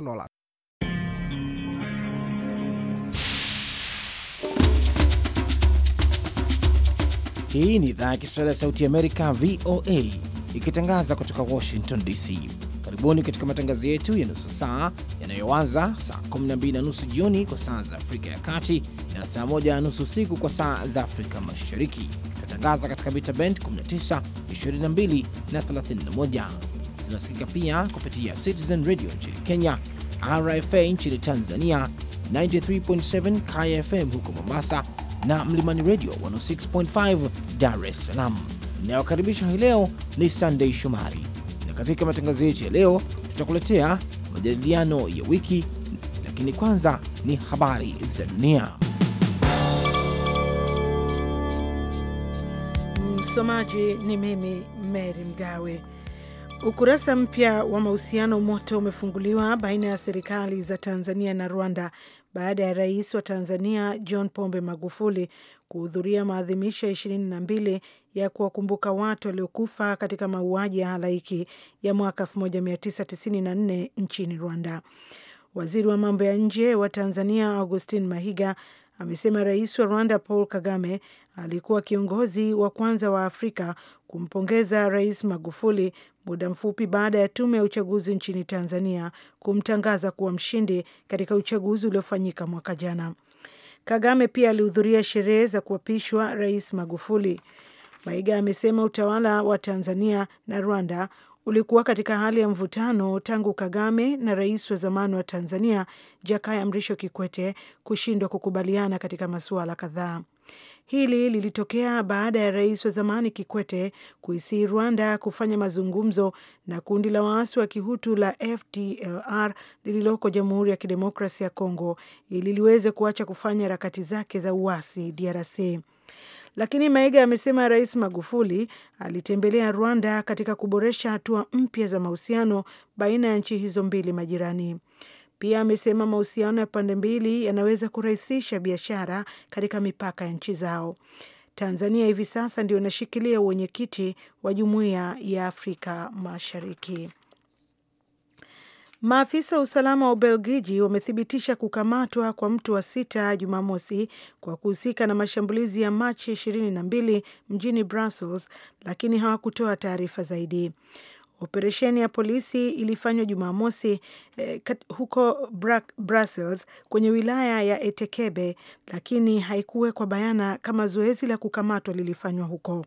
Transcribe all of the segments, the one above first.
menolak. Hii ni idhaa ya Kiswahili ya Sauti Amerika, VOA, ikitangaza kutoka Washington DC. Karibuni katika matangazo yetu ya nusu saa yanayoanza saa 12 na nusu jioni kwa saa za Afrika ya Kati na saa 1 na nusu usiku kwa saa za Afrika Mashariki. Tunatangaza katika mita bend 19, 22 na 31 zinasikika pia kupitia Citizen Radio nchini Kenya, RFA nchini Tanzania, 93.7 KFM huko Mombasa na Mlimani Radio 106.5 Dar es Salaam. Inayokaribisha hii leo ni Sunday Shomari, na katika matangazo yetu ya leo tutakuletea majadiliano ya wiki, lakini kwanza ni habari za dunia. Msomaji ni mimi Mary Mgawe. Ukurasa mpya wa mahusiano moto umefunguliwa baina ya serikali za Tanzania na Rwanda baada ya rais wa Tanzania John Pombe Magufuli kuhudhuria maadhimisho ya ishirini na mbili ya kuwakumbuka watu waliokufa katika mauaji ya halaiki ya mwaka 1994 nchini Rwanda. Waziri wa mambo ya nje wa Tanzania Augustin Mahiga amesema rais wa Rwanda Paul Kagame alikuwa kiongozi wa kwanza wa Afrika kumpongeza Rais Magufuli muda mfupi baada ya tume ya uchaguzi nchini Tanzania kumtangaza kuwa mshindi katika uchaguzi uliofanyika mwaka jana. Kagame pia alihudhuria sherehe za kuapishwa Rais Magufuli. Maiga amesema utawala wa Tanzania na Rwanda ulikuwa katika hali ya mvutano tangu Kagame na rais wa zamani wa Tanzania Jakaya Mrisho Kikwete kushindwa kukubaliana katika masuala kadhaa. Hili lilitokea baada ya rais wa zamani Kikwete kuisii Rwanda kufanya mazungumzo na kundi la waasi wa kihutu la FDLR lililoko Jamhuri ya kidemokrasi ya congo ili liweze kuacha kufanya harakati zake za uasi DRC. Lakini maiga amesema Rais Magufuli alitembelea Rwanda katika kuboresha hatua mpya za mahusiano baina ya nchi hizo mbili majirani. Pia amesema mahusiano ya pande mbili yanaweza kurahisisha biashara katika mipaka ya nchi zao. Tanzania hivi sasa ndio inashikilia uwenyekiti wa Jumuiya ya Afrika Mashariki. Maafisa wa usalama wa Ubelgiji wamethibitisha kukamatwa kwa mtu wa sita Jumamosi kwa kuhusika na mashambulizi ya Machi ishirini na mbili mjini Brussels, lakini hawakutoa taarifa zaidi. Operesheni ya polisi ilifanywa Jumamosi eh, huko Brussels kwenye wilaya ya Etekebe, lakini haikuwekwa bayana kama zoezi la kukamatwa lilifanywa huko.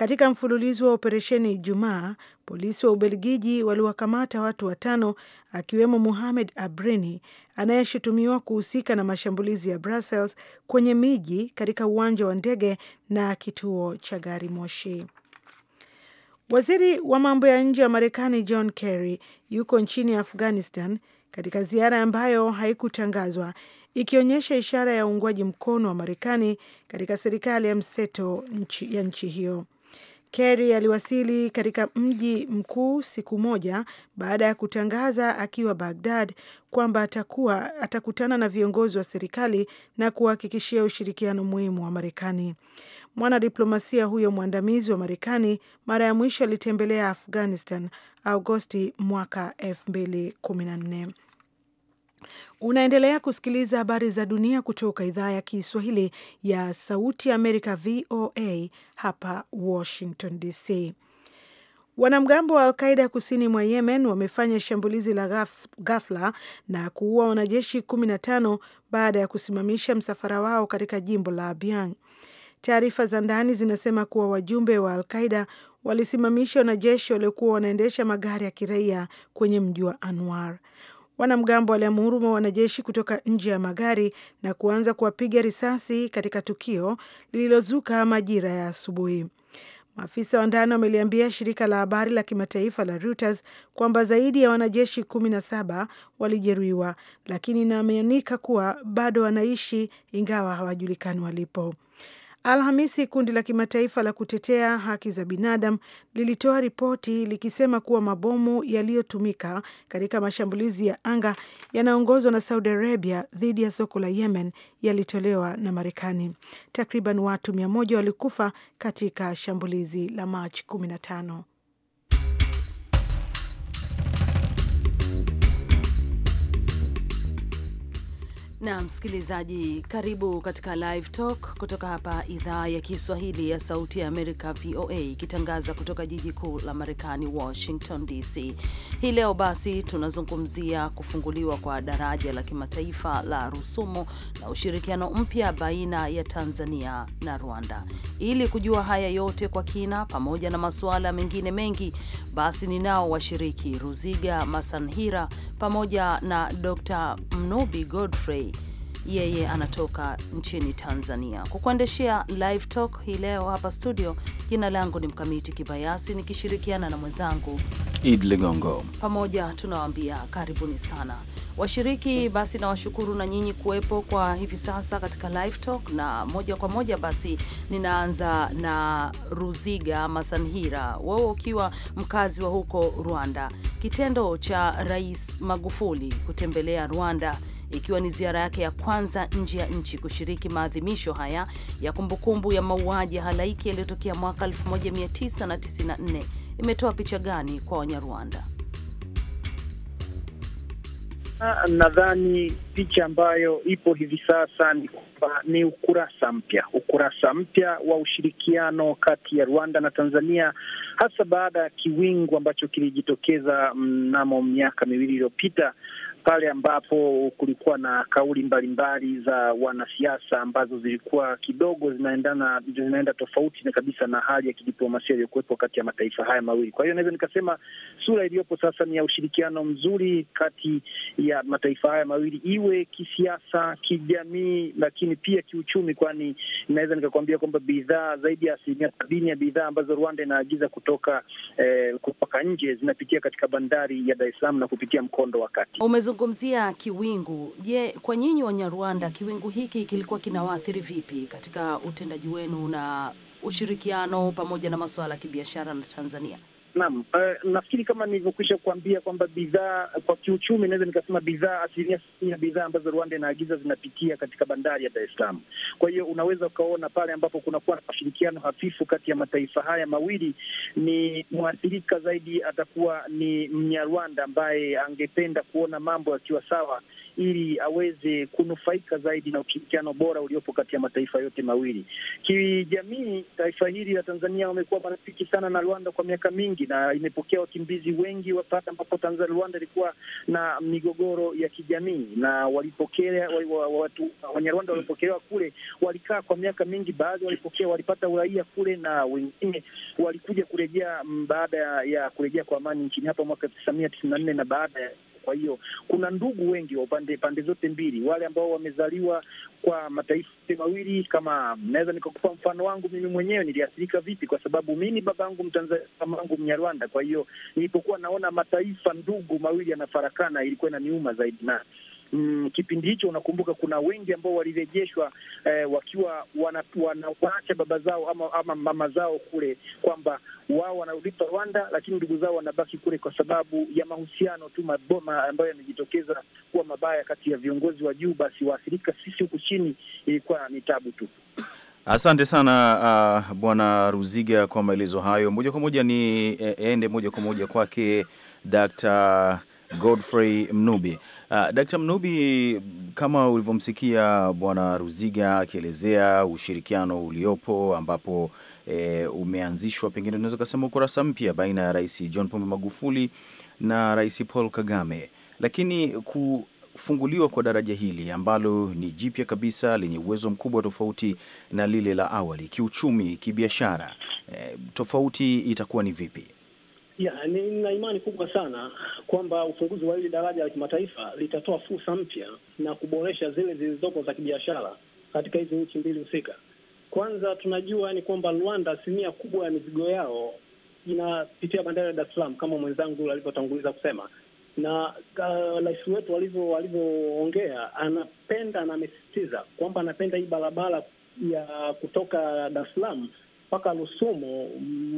Katika mfululizo wa operesheni Ijumaa, polisi wa Ubelgiji waliwakamata watu watano akiwemo Muhamed Abrini anayeshutumiwa kuhusika na mashambulizi ya Brussels kwenye miji katika uwanja wa ndege na kituo cha gari moshi. Waziri wa mambo ya nje wa Marekani John Kerry yuko nchini Afghanistan katika ziara ambayo haikutangazwa ikionyesha ishara ya uungwaji mkono wa Marekani katika serikali ya mseto ya nchi hiyo. Kerry aliwasili katika mji mkuu siku moja baada ya kutangaza akiwa bagdad kwamba atakuwa atakutana na viongozi wa serikali na kuhakikishia ushirikiano muhimu wa Marekani. Mwanadiplomasia huyo mwandamizi wa Marekani mara ya mwisho alitembelea Afghanistan Agosti mwaka 2014. Unaendelea kusikiliza habari za dunia kutoka idhaa ya Kiswahili ya Sauti ya Amerika, VOA hapa Washington DC. Wanamgambo wa Alqaida kusini mwa Yemen wamefanya shambulizi la ghafla na kuua wanajeshi 15 baada ya kusimamisha msafara wao katika jimbo la abiang Taarifa za ndani zinasema kuwa wajumbe wa Alqaida walisimamisha wanajeshi waliokuwa wanaendesha magari ya kiraia kwenye mji wa Anwar. Wanamgambo waliamhuruma wanajeshi kutoka nje ya magari na kuanza kuwapiga risasi katika tukio lililozuka majira ya asubuhi. Maafisa wa ndani wameliambia shirika la habari la kimataifa la Reuters kwamba zaidi ya wanajeshi kumi na saba walijeruhiwa, lakini inaaminika kuwa bado wanaishi ingawa hawajulikani walipo. Alhamisi, kundi la kimataifa la kutetea haki za binadamu lilitoa ripoti likisema kuwa mabomu yaliyotumika katika mashambulizi ya anga yanayoongozwa na Saudi Arabia dhidi ya soko la Yemen yalitolewa na Marekani. Takriban watu mia moja walikufa katika shambulizi la Machi 15. Na msikilizaji, karibu katika Live Talk kutoka hapa idhaa ya Kiswahili ya Sauti ya Amerika, VOA, ikitangaza kutoka jiji kuu la Marekani, Washington DC. Hii leo basi tunazungumzia kufunguliwa kwa daraja la kimataifa la Rusumo na ushirikiano mpya baina ya Tanzania na Rwanda. Ili kujua haya yote kwa kina, pamoja na masuala mengine mengi, basi ninao washiriki Ruziga Masanhira pamoja na Dr Mnubi Godfrey yeye anatoka nchini Tanzania, kukuendeshea live talk hii leo hapa studio. Jina langu ni Mkamiti Kibayasi, nikishirikiana na mwenzangu Id Ligongo. Pamoja tunawaambia karibuni sana washiriki. Basi nawashukuru na nyinyi kuwepo kwa hivi sasa katika live talk, na moja kwa moja basi ninaanza na Ruziga Masanhira, wewe ukiwa mkazi wa huko Rwanda. Kitendo cha Rais Magufuli kutembelea Rwanda ikiwa ni ziara yake ya kwanza nje ya nchi kushiriki maadhimisho haya ya kumbukumbu ya mauaji ya halaiki yaliyotokea mwaka 1994 imetoa picha gani kwa Wanyarwanda? Ah, nadhani picha ambayo ipo hivi sasa ni kwamba ni ukurasa mpya, ukurasa mpya wa ushirikiano kati ya Rwanda na Tanzania, hasa baada ya kiwingu ambacho kilijitokeza mnamo miaka miwili iliyopita pale ambapo kulikuwa na kauli mbalimbali za wanasiasa ambazo zilikuwa kidogo zinaendana zinaenda tofauti na kabisa na hali ya kidiplomasia iliyokuwepo kati ya mataifa haya mawili. Kwa hiyo naweza nikasema sura iliyopo sasa ni ya ushirikiano mzuri kati ya mataifa haya mawili, iwe kisiasa, kijamii, lakini pia kiuchumi, kwani naweza nikakwambia kwamba bidhaa zaidi ya asilimia sabini ya bidhaa ambazo Rwanda inaagiza kutoka eh, kutoka nje zinapitia katika bandari ya Dar es Salaam na kupitia mkondo wa kati Umezu Umezungumzia kiwingu. Je, kwa nyinyi Wanyarwanda, kiwingu hiki kilikuwa kinawaathiri vipi katika utendaji wenu na ushirikiano pamoja na masuala ya kibiashara na Tanzania? Naam, uh, nafikiri kama nilivyokwisha kuambia kwamba bidhaa kwa kiuchumi, naweza nikasema bidhaa asilimia sitini ya bidhaa ambazo Rwanda inaagiza zinapitia katika bandari ya Dar es Salaam. Kwa hiyo unaweza ukaona pale ambapo kunakuwa na mashirikiano hafifu kati ya mataifa haya mawili, ni mwathirika zaidi atakuwa ni Mnyarwanda ambaye angependa kuona mambo yakiwa sawa ili aweze kunufaika zaidi na ushirikiano bora uliopo kati ya mataifa yote mawili. Kijamii, taifa hili la Tanzania wamekuwa marafiki sana na Rwanda kwa miaka mingi na imepokea wakimbizi wengi wa pale ambapo Rwanda ilikuwa na migogoro ya kijamii, na walipokea watu Wanyarwanda walipokelewa kule, walikaa kwa miaka mingi, baadhi walipokea walipata uraia kule na wengine walikuja kurejea mm, baada ya kurejea kwa amani nchini hapa mwaka elfu tisa mia tisini na nne na baada ya kwa hiyo kuna ndugu wengi wa upande pande zote mbili, wale ambao wamezaliwa kwa mataifa mawili. Kama naweza nikakupa mfano wangu mimi mwenyewe, niliathirika vipi? Kwa sababu mimi babangu Mtanzania, mamangu Mnyarwanda. Kwa hiyo nilipokuwa naona mataifa ndugu mawili yanafarakana, ilikuwa inaniuma zaidi na mm, kipindi hicho unakumbuka kuna wengi ambao walirejeshwa eh, wakiwa wanawaacha baba zao ama, ama mama zao kule, kwamba wao wanarudishwa Rwanda, lakini ndugu zao wanabaki kule kwa sababu ya mahusiano tu maboma ambayo yamejitokeza kuwa mabaya kati ya viongozi wa juu, basi waathirika sisi huku chini ilikuwa ni tabu tu. Asante sana uh, Bwana Ruziga kwa maelezo hayo. Moja kwa moja ni eh, ende moja kwa moja kwake Dr. Godfrey Mnubi. Uh, Dkt. Mnubi, kama ulivyomsikia Bwana Ruziga akielezea ushirikiano uliopo ambapo e, umeanzishwa, pengine tunaweza kusema ukurasa mpya baina ya Rais John Pombe Magufuli na Rais Paul Kagame, lakini ku funguliwa kwa daraja hili ambalo ni jipya kabisa lenye uwezo mkubwa tofauti na lile la awali kiuchumi, kibiashara, e, tofauti itakuwa ni vipi? ya, nina imani kubwa sana kwamba ufunguzi wa hili daraja la kimataifa litatoa fursa mpya na kuboresha zile zilizopo za kibiashara katika hizi nchi mbili husika. Kwanza tunajua ni kwamba Rwanda, asilimia kubwa ya mizigo yao inapitia bandari ya Dar es Salaam kama mwenzangu alivyotanguliza kusema, na rais uh, wetu alivyoongea, anapenda na amesisitiza kwamba anapenda hii barabara ya kutoka Dar es Salaam mpaka Rusumo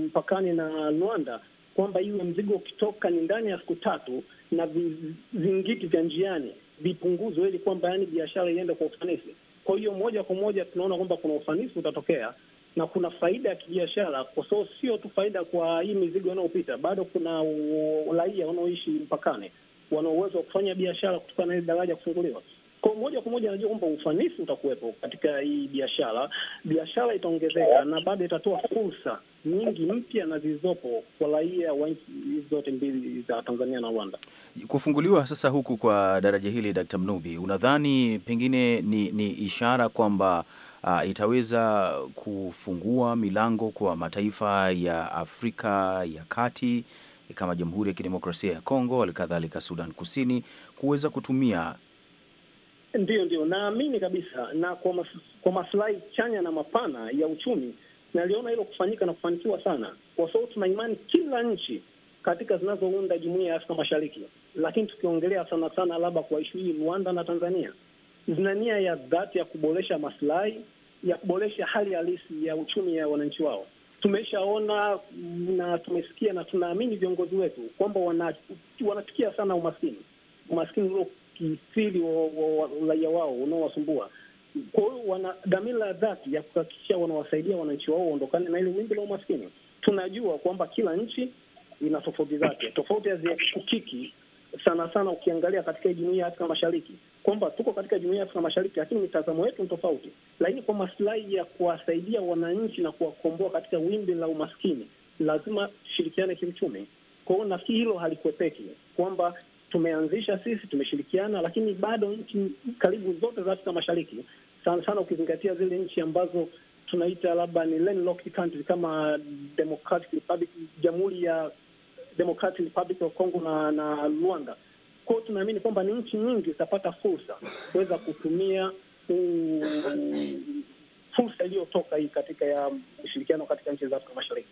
mpakani na Rwanda kwamba iwe mzigo ukitoka ni ndani ya siku tatu na vizingiti vya njiani vipunguzwe, ili kwamba yani biashara iende kwa ufanisi. Kwa hiyo moja kwa moja tunaona kwamba kuna ufanisi utatokea na kuna faida ya kibiashara, kwa sababu sio tu faida kwa hii mizigo inayopita, bado kuna raia wanaoishi mpakani wana uwezo wa kufanya biashara kutokana na hili daraja kufunguliwa. Kwa moja kwa moja anajua kwamba ufanisi utakuwepo katika hii biashara, biashara itaongezeka na bado itatoa fursa nyingi mpya na zilizopo kwa raia wa nchi hizi zote mbili za Tanzania na Rwanda. Kufunguliwa sasa huku kwa daraja hili, Dkt. Mnubi, unadhani pengine ni, ni ishara kwamba uh, itaweza kufungua milango kwa mataifa ya Afrika ya Kati kama Jamhuri ya Kidemokrasia ya Kongo, halikadhalika Sudan Kusini kuweza kutumia Ndiyo, ndiyo, naamini kabisa, na kwa, mas, kwa maslahi chanya na mapana ya uchumi naliona hilo kufanyika na kufanikiwa sana, kwa sababu tuna imani kila nchi katika zinazounda jumuiya ya Afrika Mashariki, lakini tukiongelea sana sana labda kwa ishu hii, Rwanda na Tanzania zina nia ya dhati ya kuboresha maslahi ya kuboresha hali halisi ya uchumi ya wananchi wao. Tumeshaona na tumesikia na tunaamini viongozi wetu kwamba wanatikia sana umaskini, umaskini uliokithiri wa raia wao unaowasumbua kwa hiyo wana dhamira ya dhati ya kuhakikisha wanawasaidia wananchi wao waondokane na ile wimbi la umaskini. Tunajua kwamba kila nchi ina tofauti zake, tofauti haziepukiki sana sana ukiangalia katika jumuiya ya Afrika Mashariki kwamba tuko katika jumuiya ya Afrika Mashariki, lakini mitazamo yetu ni tofauti. Lakini kwa maslahi ya kuwasaidia wananchi na kuwakomboa katika wimbi la umaskini, lazima tushirikiane kiuchumi. Kwa hiyo nafikiri hilo halikwepeki kwamba tumeanzisha sisi, tumeshirikiana, lakini bado nchi karibu zote za Afrika Mashariki sana sana ukizingatia zile nchi ambazo tunaita labda ni landlocked kama Democratic Republic, Jamhuri ya Democratic Republic of Congo na, na Rwanda. Kwao tunaamini kwamba ni nchi nyingi zitapata fursa kuweza kutumia fursa iliyotoka hii katika ya ushirikiano katika nchi za Afrika Mashariki.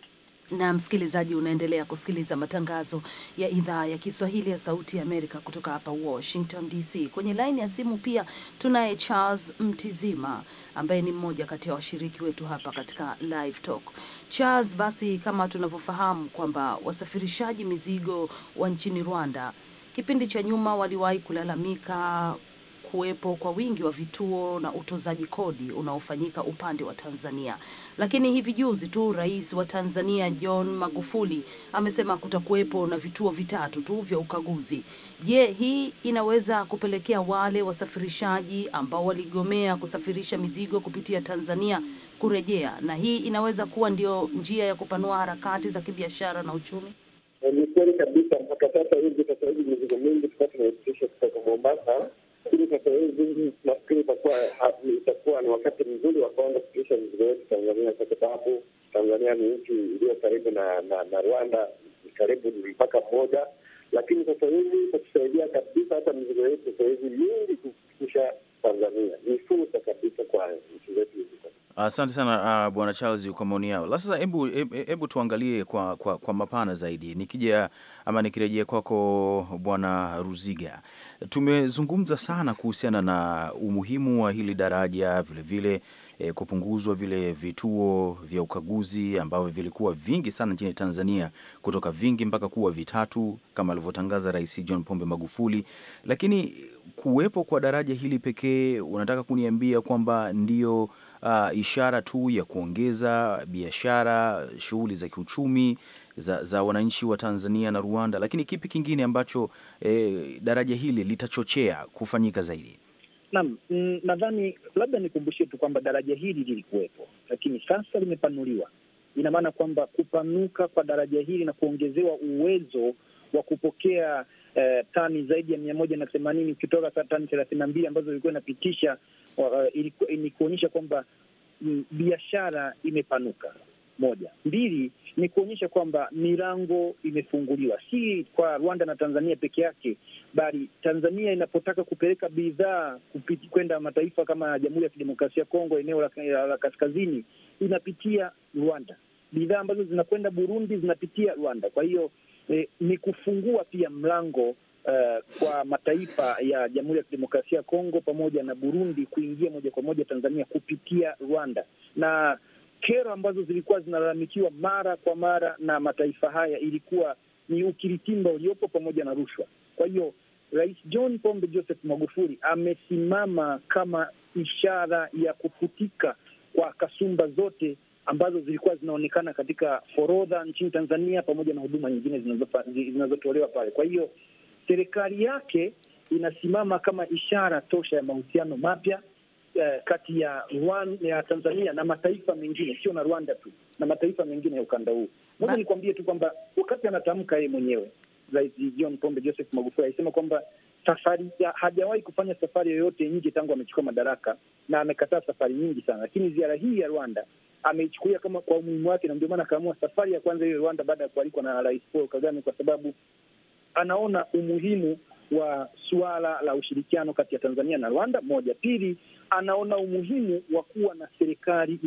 Na msikilizaji, unaendelea kusikiliza matangazo ya idhaa ya Kiswahili ya Sauti ya Amerika kutoka hapa Washington DC. Kwenye laini ya simu pia tunaye Charles Mtizima ambaye ni mmoja kati ya washiriki wetu hapa katika live talk. Charles, basi kama tunavyofahamu kwamba wasafirishaji mizigo wa nchini Rwanda kipindi cha nyuma waliwahi kulalamika kuwepo kwa wingi wa vituo na utozaji kodi unaofanyika upande wa Tanzania. Lakini hivi juzi tu Rais wa Tanzania John Magufuli amesema kutakuwepo na vituo vitatu tu vya ukaguzi. Je, hii inaweza kupelekea wale wasafirishaji ambao waligomea kusafirisha mizigo kupitia Tanzania kurejea, na hii inaweza kuwa ndio njia ya kupanua harakati za kibiashara na uchumi? Eh, ni kweli kabisa. Mpaka sasa hivi, sasa hivi mizigo mingi tulikuwa tunaipitisha kutoka Mombasa lakini sasa hivi nafikiri ah, itakuwa ni wakati mzuri wa kuanza kupisha mizigo yetu Tanzania, kwa sababu Tanzania ni nchi iliyo karibu na na Rwanda, karibu ni mpaka mmoja, lakini sasa hivi itatusaidia kabisa hata mizigo yetu sasa hivi mingi kufikisha Tanzania. Ni Asante sana uh, Bwana Charles kwa maoni yao. La sasa, hebu hebu tuangalie kwa, kwa, kwa mapana zaidi, nikija ama nikirejea kwako Bwana Ruziga, tumezungumza sana kuhusiana na umuhimu wa hili daraja vilevile vile, eh, kupunguzwa vile vituo vya ukaguzi ambavyo vilikuwa vingi sana nchini Tanzania kutoka vingi mpaka kuwa vitatu kama alivyotangaza Rais John Pombe Magufuli, lakini kuwepo kwa daraja hili pekee unataka kuniambia kwamba ndio uh, ishara tu ya kuongeza biashara, shughuli za kiuchumi za, za wananchi wa Tanzania na Rwanda, lakini kipi kingine ambacho eh, daraja hili litachochea kufanyika zaidi? Naam, mm, nadhani labda nikumbushie tu kwamba daraja hili lilikuwepo, lakini sasa limepanuliwa. Ina maana kwamba kupanuka kwa daraja hili na kuongezewa uwezo wa kupokea eh, tani zaidi ya mia moja na themanini ukitoka tani thelathini na mbili ambazo ilikuwa inapitisha uh, ni kuonyesha kwamba mm, biashara imepanuka. Moja, mbili ni kuonyesha kwamba milango imefunguliwa, si kwa Rwanda na Tanzania peke yake, bali Tanzania inapotaka kupeleka bidhaa kwenda mataifa kama Jamhuri ya Kidemokrasia ya Kongo, eneo la, la kaskazini, inapitia Rwanda. Bidhaa ambazo zinakwenda Burundi zinapitia Rwanda. Kwa hiyo ni, ni kufungua pia mlango uh, kwa mataifa ya Jamhuri ya Kidemokrasia ya Kongo pamoja na Burundi kuingia moja kwa moja Tanzania kupitia Rwanda na kero ambazo zilikuwa zinalalamikiwa mara kwa mara na mataifa haya ilikuwa ni ukiritimba uliopo pamoja na rushwa. Kwa hiyo Rais John Pombe Joseph Magufuli amesimama kama ishara ya kufutika kwa kasumba zote ambazo zilikuwa zinaonekana katika forodha nchini Tanzania pamoja na huduma nyingine zinazotolewa pale. Kwa hiyo serikali yake inasimama kama ishara tosha ya mahusiano mapya eh, kati ya Rwanda, ya Tanzania na mataifa mengine, sio na Rwanda tu, na mataifa mengine ya ukanda huu. Moja nikuambie tu kwamba wakati anatamka yeye mwenyewe Rais John Pombe Joseph Magufuli alisema kwamba safari hajawahi kufanya safari yoyote nje tangu amechukua madaraka, na amekataa safari nyingi sana, lakini ziara hii ya Rwanda ameichukulia kama kwa umuhimu wake, na ndio maana akaamua safari ya kwanza hiyo Rwanda baada ya kualikwa na Rais Paul Kagame, kwa sababu anaona umuhimu wa suala la ushirikiano kati ya Tanzania na Rwanda moja. Pili, anaona umuhimu wa kuwa na serikali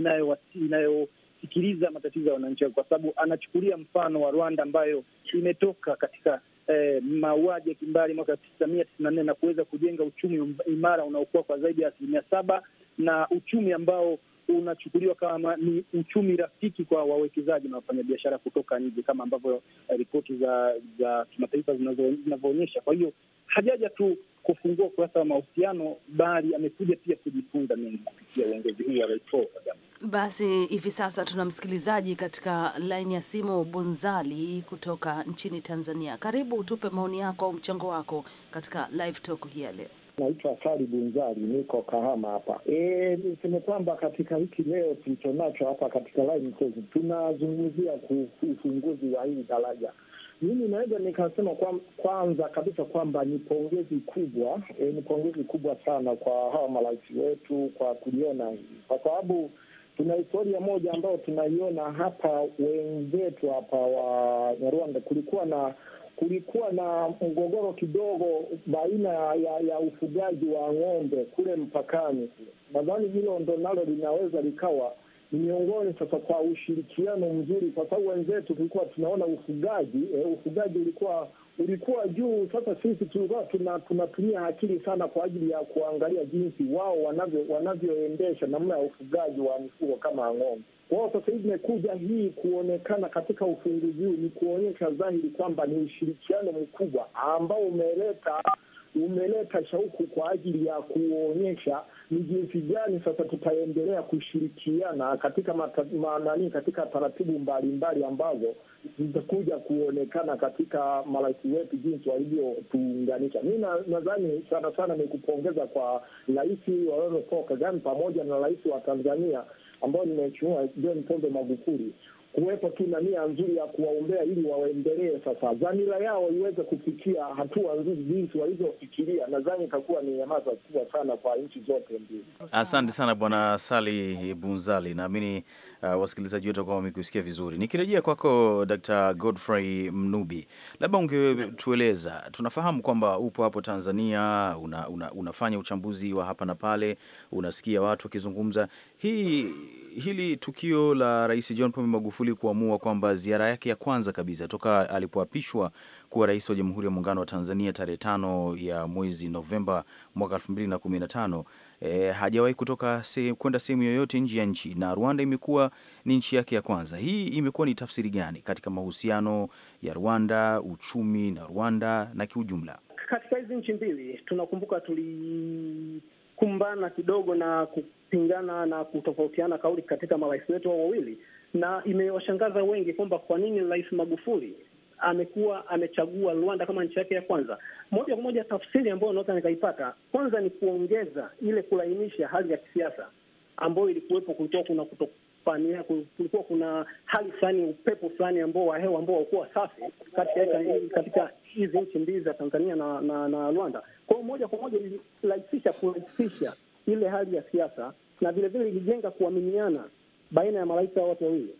inayosikiliza matatizo ya wananchi wake, kwa sababu anachukulia mfano wa Rwanda ambayo imetoka katika eh, mauaji ya kimbari mwaka elfu tisa mia tisini na nne na kuweza kujenga uchumi imara unaokuwa kwa zaidi ya asilimia saba na uchumi ambao unachukuliwa kama ni uchumi rafiki kwa wawekezaji na wafanyabiashara kutoka nje, kama ambavyo eh, ripoti za za kimataifa zinavyoonyesha. Kwa hiyo hajaja tu kufungua ukurasa wa mahusiano, bali amekuja pia kujifunza mengi kupitia uongozi huu wa Rais Paul Kagame. Basi hivi sasa tuna msikilizaji katika laini ya simu, Bunzali kutoka nchini Tanzania. Karibu, utupe maoni yako au mchango wako katika live talk hii ya leo. Naitwa Sari Bunzari, niko Kahama hapa. E, niseme kwamba katika hiki leo nacho hapa katika live tunazungumzia ufunguzi wa hili daraja. Mimi naweza nikasema kwa, kwanza kabisa kwamba ni pongezi kubwa e, ni pongezi kubwa sana kwa hawa marais wetu kwa kuliona hili, kwa sababu tuna historia moja ambayo tunaiona hapa wenzetu hapa wa Rwanda, kulikuwa na kulikuwa na mgogoro kidogo baina ya, ya ufugaji wa ng'ombe kule mpakani. Nadhani hilo ndo nalo linaweza likawa ni miongoni sasa kwa ushirikiano mzuri, kwa sababu wenzetu tulikuwa tunaona ufugaji eh, ufugaji ulikuwa ulikuwa juu. Sasa sisi tulikuwa tuna, tunatumia akili sana kwa ajili ya kuangalia jinsi wao wanavyo wanavyoendesha namna ya ufugaji wa mifugo kama ng'ombe wao. Sasa hivi imekuja hii kuonekana katika ufunguzi huu, ni kuonyesha dhahiri kwamba ni ushirikiano mkubwa ambao umeleta umeleta shauku kwa ajili ya kuonyesha ni jinsi gani sasa tutaendelea kushirikiana katika nanii, katika taratibu mbalimbali ambazo zitakuja kuonekana katika marais wetu jinsi walivyotuunganisha. Mi nadhani sana sana ni kupongeza kwa Rais wa Rwanda Paul Kagame pamoja na rais wa Tanzania ambayo nimeheshimiwa John Pombe Magufuli kuwepo tu na nia nzuri ya kuwaombea ili waendelee sasa dhamira yao iweze kufikia hatua nzuri jinsi walivyofikiria, Nadhani itakuwa ni nyamaza kubwa sana kwa nchi zote mbili. Asante sana Bwana Sali Bunzali, naamini uh, wasikilizaji wetu kwa wamekusikia vizuri. Nikirejea kwako Dr. Godfrey Mnubi, labda ungetueleza, tunafahamu kwamba upo hapo Tanzania, una, una, unafanya uchambuzi wa hapa na pale, unasikia watu wakizungumza hii hili tukio la Rais John Pombe Magufuli kuamua kwamba ziara yake ya kwanza kabisa toka alipoapishwa kuwa rais wa Jamhuri ya Muungano wa Tanzania tarehe tano ya mwezi Novemba mwaka tano e, hajawahi kutoka se, kwenda sehemu yoyote nje ya nchi na Rwanda imekuwa ni nchi yake ya kwanza. Hii imekuwa ni tafsiri gani katika mahusiano ya Rwanda, uchumi na Rwanda na kiujumla? Katika hizi nchi mbili tunakumbuka tuli kukumbana kidogo na kupingana na kutofautiana kauli katika marais wetu hao wawili, na imewashangaza wengi kwamba kwa nini Rais Magufuli amekuwa amechagua Rwanda kama nchi yake ya kwanza. Moja kwa moja, tafsiri ambayo naweza nikaipata kwanza ni kuongeza ile kulainisha hali ya kisiasa ambayo ilikuwepo. Kulikuwa kuna kutopania, kulikuwa kuna hali fulani, upepo fulani ambao wa hewa ambao haukuwa safi katika katika hizi nchi mbili za Tanzania na na, na Rwanda kwa moja kwa moja ilirahisisha kurahisisha ile hali ya siasa na vilevile ilijenga kuaminiana baina ya marais hao watu wawili.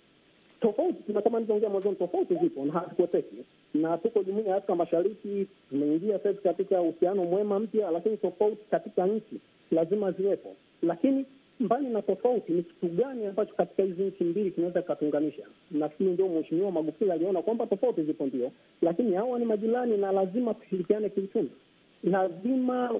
Tofauti na kama nilivyoongea mwanzoni, tofauti zipo na hazikuepeki, na tuko jumuia ya Afrika Mashariki, tumeingia sasa katika uhusiano mwema mpya, lakini tofauti katika nchi lazima ziwepo. Lakini mbali na tofauti, ni kitu gani ambacho katika hizi nchi mbili kinaweza kikatuunganisha? Nafikiri ndio mweshimiwa Magufuli aliona kwamba tofauti zipo, ndio, lakini hawa ni majirani na lazima tushirikiane kiuchumi lazima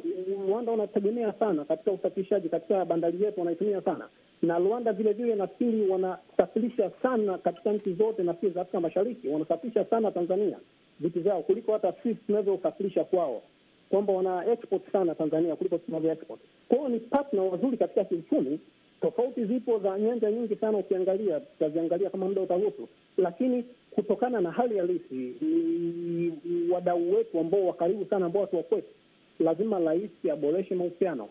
Rwanda wanategemea sana katika usafirishaji, katika bandari yetu wanaitumia sana, na Rwanda vilevile nafikiri wanasafirisha sana katika nchi zote nafikiri za Afrika Mashariki, wanasafirisha sana Tanzania vitu vyao kuliko hata sisi tunavyosafirisha kwao, kwamba wana export sana Tanzania kuliko tunavyo export kwao. Ni partner wazuri katika kiuchumi. Tofauti zipo za nyanja nyingi sana, ukiangalia tutaziangalia kama muda utahusu, lakini kutokana na hali halisi ni wadau wetu ambao wakaribu sana, ambao watu wakwetu, lazima rais aboreshe mahusiano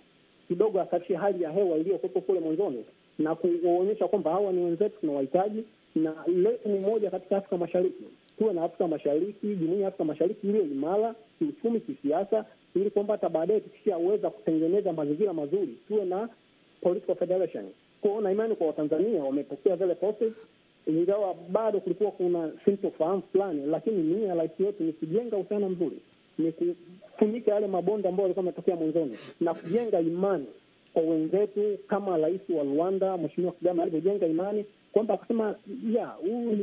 kidogo, asafishe hali ya hewa iliyokuwepo kule mwanzoni na kuonyesha kwamba hawa ni wenzetu tunawahitaji, na letu ni moja katika Afrika Mashariki. Tuwe na Afrika Mashariki, jumuia ya Afrika Mashariki iliyo imara kiuchumi, kisiasa, ili kwamba hata baadaye tukishaweza kutengeneza mazingira mazuri tuwe na political federation. Kwa hiyo na imani kwa Watanzania wamepokea zile ingawa bado kulikuwa kuna sintofahamu fulani, lakini nia ya rais wetu ni kujenga uhusiano mzuri, ni kufunika yale mabonde ambayo yalikuwa ametokea mwanzoni na kujenga imani kwa wenzetu, kama rais wa Rwanda Mheshimiwa Kagame alivyojenga imani kwamba akasema ya huyu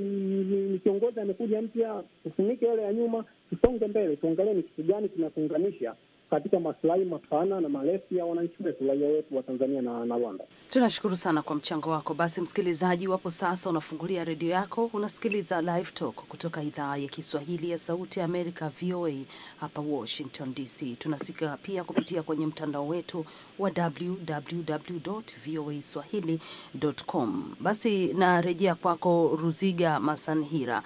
ni kiongozi amekuja mpya, tufunike yale ya nyuma, tusonge mbele, tuangalie ni kitu gani kinatuunganisha katika maslahi mapana na marefu ya wananchi wetu, raia wetu wa Tanzania na, na Rwanda. Tunashukuru sana kwa mchango wako. Basi msikilizaji, wapo sasa unafungulia redio yako, unasikiliza Live Talk kutoka idhaa ya Kiswahili ya Sauti ya Amerika, VOA hapa Washington DC. Tunasika pia kupitia kwenye mtandao wetu wa swahilicom Basi narejea kwako Ruziga Masanhira.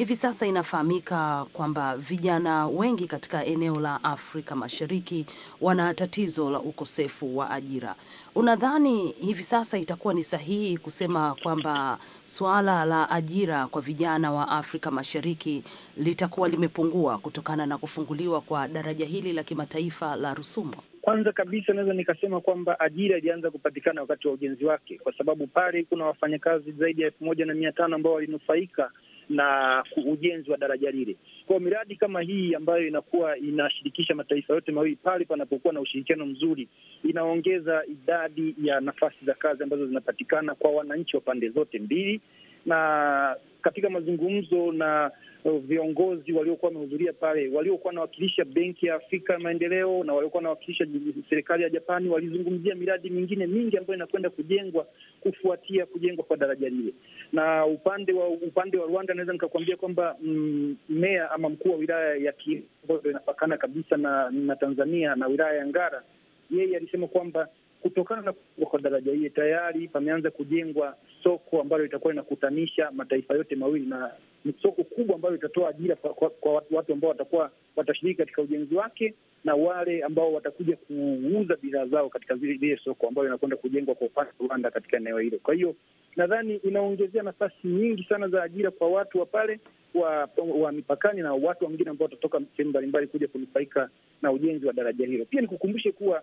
Hivi sasa inafahamika kwamba vijana wengi katika eneo la Afrika Mashariki wana tatizo la ukosefu wa ajira. Unadhani hivi sasa itakuwa ni sahihi kusema kwamba suala la ajira kwa vijana wa Afrika Mashariki litakuwa limepungua kutokana na kufunguliwa kwa daraja hili la kimataifa la Rusumo? Kwanza kabisa naweza nikasema kwamba ajira ilianza kupatikana wakati wa ujenzi wake, kwa sababu pale kuna wafanyakazi zaidi ya elfu moja na mia tano ambao walinufaika na ujenzi wa daraja lile. Kwa miradi kama hii ambayo inakuwa inashirikisha mataifa yote mawili, pale panapokuwa na ushirikiano mzuri, inaongeza idadi ya nafasi za kazi ambazo zinapatikana kwa wananchi wa pande zote mbili, na katika mazungumzo na uh, viongozi waliokuwa wamehudhuria pale, waliokuwa wanawakilisha Benki ya Afrika ya Maendeleo na waliokuwa wanawakilisha serikali ya Japani walizungumzia miradi mingine mingi ambayo inakwenda kujengwa kufuatia kujengwa kwa daraja lile. Na upande wa upande wa Rwanda, naweza nikakuambia kwamba mm, meya mm, ama mkuu wa wilaya ya Kiambayo inapakana kabisa na, na Tanzania na wilaya ya Ngara, yeye alisema kwamba kutokana na kufungwa kwa daraja hili tayari pameanza kujengwa soko ambalo litakuwa linakutanisha mataifa yote mawili, na ni soko kubwa ambalo litatoa ajira kwa, kwa, kwa watu ambao watakuwa watashiriki katika ujenzi wake na wale ambao watakuja kuuza bidhaa zao katika zile soko ambayo inakwenda kujengwa kwa upande wa Rwanda katika eneo hilo. Kwa hiyo nadhani inaongezea nafasi nyingi sana za ajira kwa watu wa pale wa, wa mipakani na watu wengine ambao watatoka sehemu mbalimbali kuja kunufaika na ujenzi wa daraja hilo. Pia nikukumbushe kuwa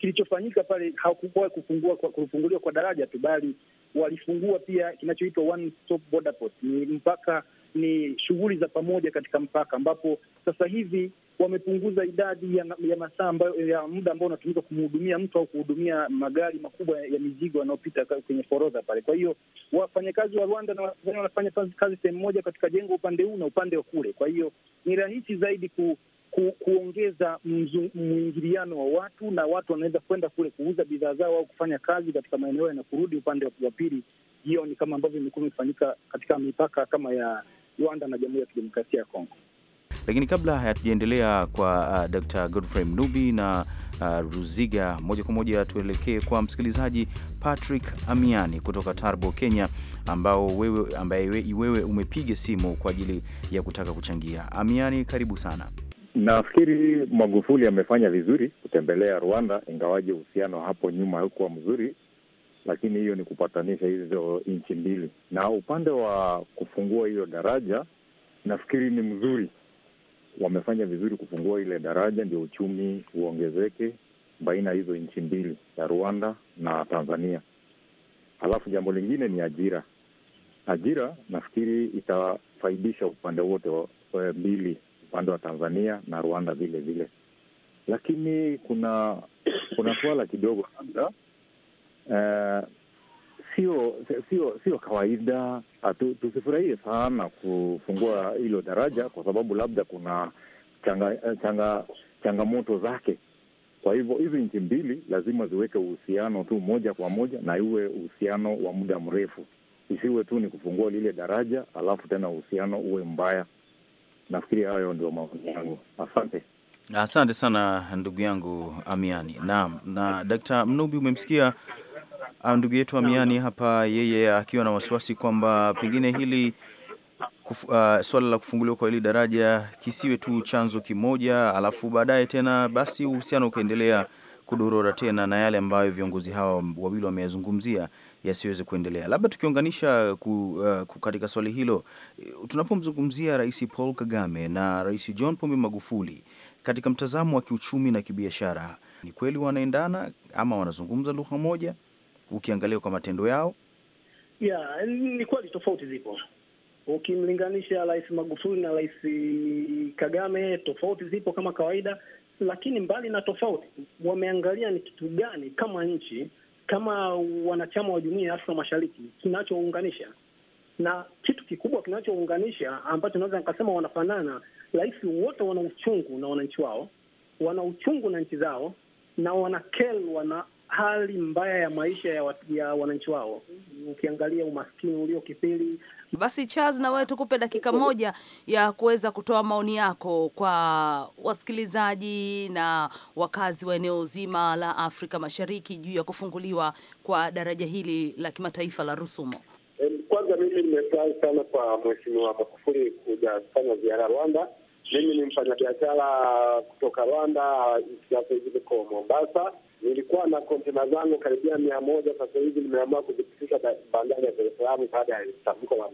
kilichofanyika pale hakukuwa kufungua kufunguliwa kwa daraja tu, bali walifungua pia kinachoitwa one stop border post, ni mpaka ni shughuli za pamoja katika mpaka, ambapo sasa hivi wamepunguza idadi ya, ya masaa ambayo ya muda ambao unatumika kumhudumia mtu au kuhudumia magari makubwa ya mizigo yanayopita kwenye forodha pale. Kwa hiyo wafanyakazi wa Rwanda na Watanzania wanafanya kazi sehemu moja katika jengo upande huu na upande wa kule, kwa hiyo ni rahisi zaidi ku ku, kuongeza mwingiliano wa watu na watu wanaweza kwenda kule kuuza bidhaa zao au kufanya kazi katika maeneo na kurudi upande wa pili jioni, kama ambavyo imekuwa imefanyika katika mipaka kama ya Rwanda na Jamhuri ya Kidemokrasia ya Kongo. Lakini kabla hatujaendelea kwa uh, Dr. Godfrey Mnubi na uh, Ruziga, moja kwa moja tuelekee kwa msikilizaji Patrick Amiani kutoka Tarbo, Kenya, ambao wewe ambaye wewe umepiga simu kwa ajili ya kutaka kuchangia. Amiani, karibu sana. Nafikiri Magufuli amefanya vizuri kutembelea Rwanda, ingawaje uhusiano hapo nyuma haukuwa mzuri, lakini hiyo ni kupatanisha hizo nchi mbili, na upande wa kufungua hiyo daraja nafikiri ni mzuri. Wamefanya vizuri kufungua ile daraja, ndio uchumi uongezeke baina ya hizo nchi mbili ya Rwanda na Tanzania. Alafu jambo lingine ni ajira. Ajira nafikiri itafaidisha upande wote eh, mbili upande wa Tanzania na Rwanda vile vile, lakini kuna kuna suala kidogo labda uh, sio sio sio kawaida tusifurahie sana kufungua hilo daraja kwa sababu labda kuna changa, changa, changamoto zake. Kwa hivyo hizi nchi mbili lazima ziweke uhusiano tu moja kwa moja, na iwe uhusiano wa muda mrefu, isiwe tu ni kufungua lile daraja alafu tena uhusiano uwe mbaya. Nafikiri hayo ndio maoni yangu, asante. Asante sana ndugu yangu Amiani. Naam, na Dakta Mnubi, umemsikia ah, ndugu yetu Amiani hapa, yeye akiwa na wasiwasi kwamba pengine hili kuf, uh, ah, swala la kufunguliwa kwa hili daraja kisiwe tu chanzo kimoja, alafu baadaye tena basi uhusiano ukaendelea kudorora tena na yale ambayo viongozi hawa wawili wameyazungumzia yasiweze kuendelea. Labda tukiunganisha ku, uh, katika swali hilo eh, tunapomzungumzia Rais Paul Kagame na Rais John Pombe Magufuli katika mtazamo wa kiuchumi na kibiashara, ni kweli wanaendana ama wanazungumza lugha moja ukiangalia kwa matendo yao? Yeah, ni kweli tofauti zipo. Ukimlinganisha Rais Magufuli na Rais Kagame, tofauti zipo kama kawaida lakini mbali na tofauti, wameangalia ni kitu gani kama nchi, kama wanachama wa jumuiya ya Afrika Mashariki kinachounganisha, na kitu kikubwa kinachounganisha ambacho naweza nikasema wanafanana, rahisi wote wana uchungu na wananchi wao, wana uchungu na nchi zao, na wanakel wana hali mbaya ya maisha ya, ya wananchi wao, ukiangalia umaskini uliokithiri. Basi Charles, na wewe tukupe dakika moja ya kuweza kutoa maoni yako kwa wasikilizaji na wakazi wa eneo zima la Afrika Mashariki juu ya kufunguliwa kwa daraja hili la kimataifa la Rusumo. Kwanza mimi nimefurahi sana kwa Mheshimiwa Magufuli kuja kufanya ziara Rwanda. Mimi ni mfanyabiashara kutoka Rwanda, niko Mombasa nilikuwa na kontena zangu karibia mia moja. Sasa hivi nimeamua kuzipitisha bandari ya Dar es Salaam baada ya tamko wa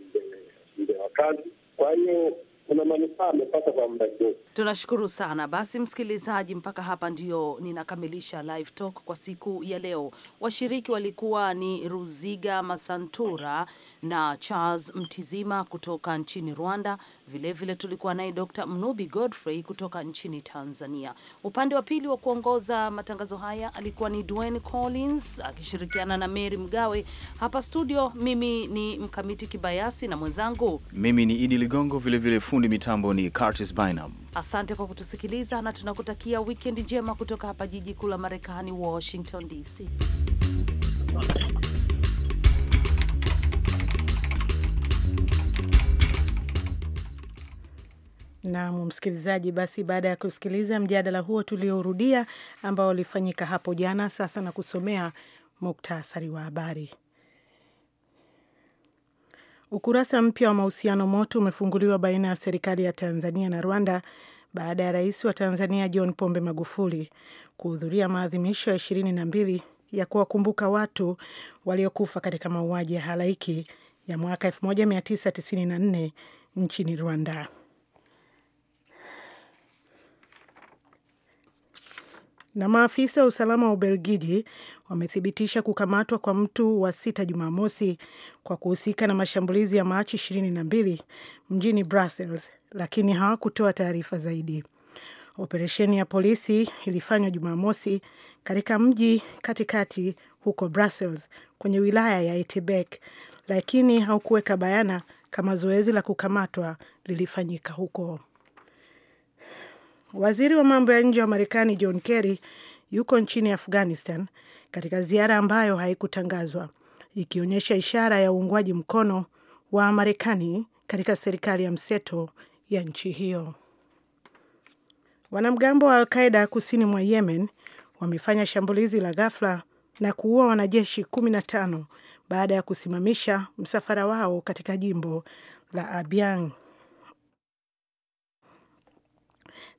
mde wa kazi. Kwa hiyo kuna manufaa amepata kwa muda mrefu. Tunashukuru sana. Basi msikilizaji, mpaka hapa ndio ninakamilisha live talk kwa siku ya leo. Washiriki walikuwa ni Ruziga Masantura na Charles Mtizima kutoka nchini Rwanda. Vilevile vile tulikuwa naye Dr. Mnubi Godfrey kutoka nchini Tanzania. Upande wa pili wa kuongoza matangazo haya alikuwa ni Dwayne Collins akishirikiana na Mary Mgawe. Hapa studio, mimi ni Mkamiti Kibayasi na mwenzangu mimi ni Idi Ligongo vilevile vile fundi mitambo ni Curtis Bynum. Asante kwa kutusikiliza na tunakutakia wikendi njema kutoka hapa jiji kuu la Marekani, Washington DC. Nam msikilizaji, basi baada ya kusikiliza mjadala huo tuliorudia ambao ulifanyika hapo jana, sasa na kusomea muktasari wa habari. Ukurasa mpya wa mahusiano moto umefunguliwa baina ya serikali ya Tanzania na Rwanda baada ya rais wa Tanzania John Pombe Magufuli kuhudhuria maadhimisho ya ishirini na mbili ya kuwakumbuka watu waliokufa katika mauaji ya halaiki ya mwaka 1994 nchini Rwanda. Na maafisa wa usalama wa Ubelgiji wamethibitisha kukamatwa kwa mtu wa sita Jumamosi kwa kuhusika na mashambulizi ya Machi ishirini na mbili mjini Brussels, lakini hawakutoa taarifa zaidi. Operesheni ya polisi ilifanywa Jumamosi katika mji katikati huko Brussels kwenye wilaya ya Etebek, lakini haukuweka bayana kama zoezi la kukamatwa lilifanyika huko. Waziri wa mambo ya nje wa Marekani John Kerry yuko nchini Afghanistan katika ziara ambayo haikutangazwa ikionyesha ishara ya uungwaji mkono wa Marekani katika serikali ya mseto ya nchi hiyo. Wanamgambo wa Alqaida kusini mwa Yemen wamefanya shambulizi la ghafla na kuua wanajeshi kumi na tano baada ya kusimamisha msafara wao katika jimbo la Abyang.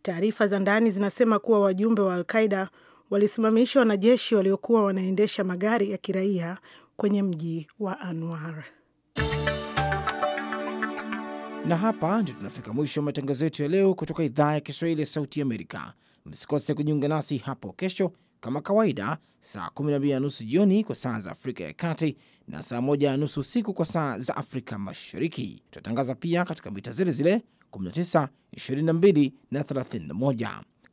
Taarifa za ndani zinasema kuwa wajumbe wa Alqaida walisimamisha wanajeshi waliokuwa wanaendesha magari ya kiraia kwenye mji wa Anwar. Na hapa ndio tunafika mwisho wa matangazo yetu ya leo kutoka idhaa ya Kiswahili ya Sauti Amerika. Msikose kujiunga nasi hapo kesho kama kawaida, saa 12 na nusu jioni kwa saa za Afrika ya Kati na saa 1 na nusu usiku kwa saa za Afrika Mashariki. tunatangaza pia katika mita zile zile 19, 22 na 31.